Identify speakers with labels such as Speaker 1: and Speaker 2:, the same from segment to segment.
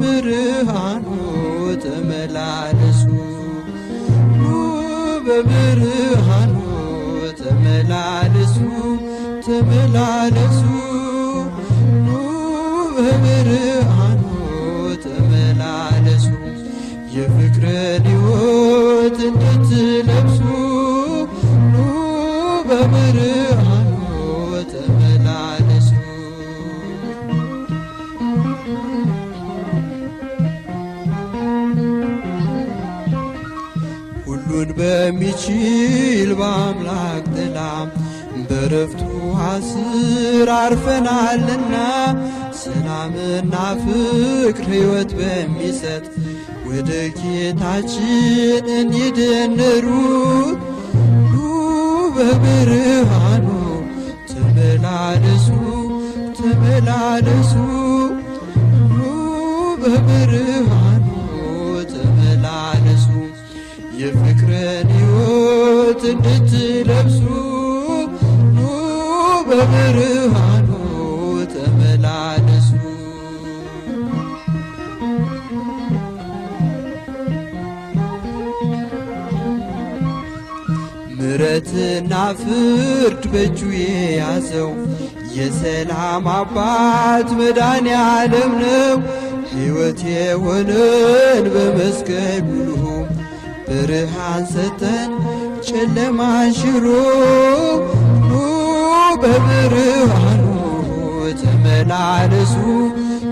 Speaker 1: በብርሃኑ ተመላለሱ ኑ በብርሃኑ ተመላለሱ ተመላለሱ ኑ በብርሃኑ ተመላለሱ የፍቅርን ሕይወት እንድትለብሱ ኑ በብር
Speaker 2: በሚችል በአምላክ ጥላ በረፍቱ አስር አርፈናልና ሰላምና ፍቅር ሕይወት በሚሰጥ ወደ ጌታችን እንዲደነሩት ኑ በብርሃኑ ተመላለሱ ተመላለሱ እንድትለብሱ ኑ በብርሃኑ ተመላለሱ። ምሕረትና ፍርድ በእጁ የያዘው የሰላም አባት መዳን ያለም ነው። ሕይወት የሆነን በመስቀሉ ብርሃን ሰጠን። ጨለማ ሽሮ ኑ በብርሃኑ ተመላለሱ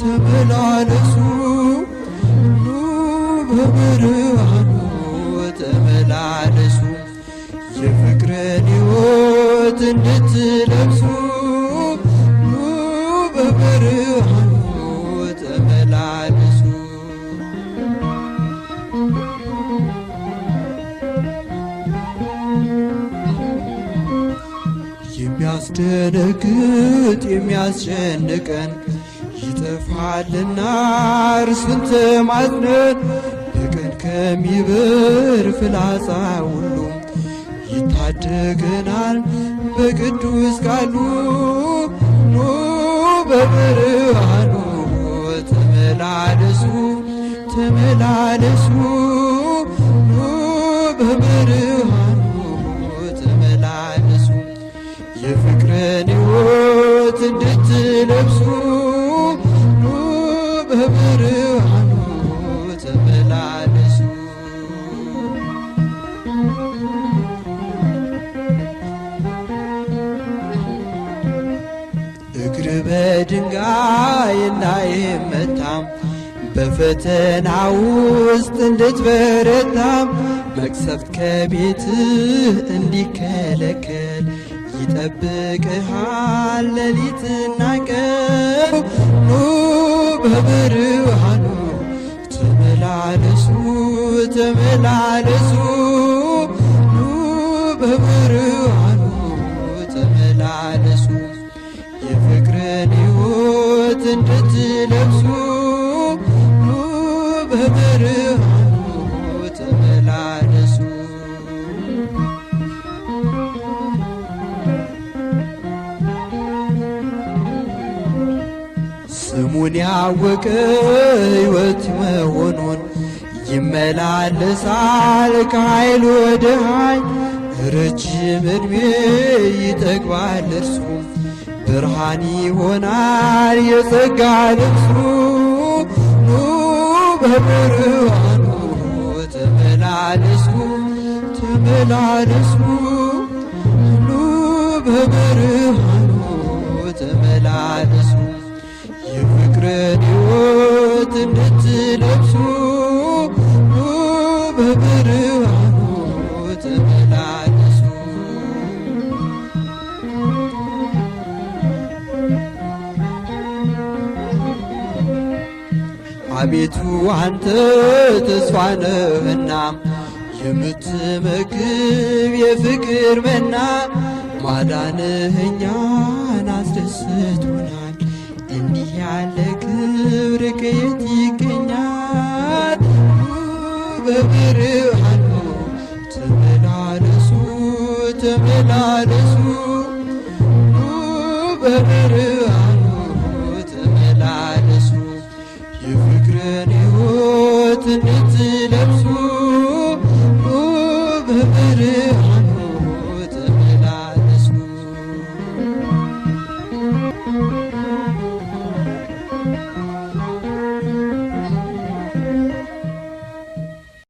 Speaker 2: ተመላለሱ ኑ በብርሃኑ ተመላለሱ የፍቅርን ሕይወት እንድትለብሱ የሚያስደነግጥ የሚያስጨንቀን ይጠፋልና እርሱን ተማጽነን በቀን ከሚበር ፍላጻ ሁሉ ይታደገናል በቅዱስ ቃሉ ኑ በብርሃኑ ተመላለሱ ተመላለሱ አመላለሱ እግር በድንጋይ እንዳይመታም በፈተና ውስጥ እንድትበረታም መቅሰፍት ከቤት እንዲከለከል ይጠብቅሃል ሌሊትና ቀን ኑ በብርው ተመላለሱ ተመላለሱ ኑ በብርሃኑ ተመላለሱ የፍቅርን ሕይወት እንድትለብሱ ኑ በብርሃኑ ተመላለሱ ስሙን ያወቀ ሕይወት መሆኑን ይመላለሳል ከኃይል ወደ ኃይል ረጅም ዕድሜ ይጠግባል እርሱ ብርሃን ይሆናል የጸጋ ልብሱ ኑ በብርሃኑ ተመላለሱ ተመላለሱ ኑ በብርሃኑ ተመላለሱ የፍቅርን ሕይወት እንድትለብሱ አቤቱ አንተ ተስፋነህና የምትመግብ የፍቅር መና ማዳንህኛን አስደስቶናል። እንዲህ ያለ ክብር ከየት ይገኛል? በብርሃኑ ተመላለሱ ተመላለሱ በብርሃኑ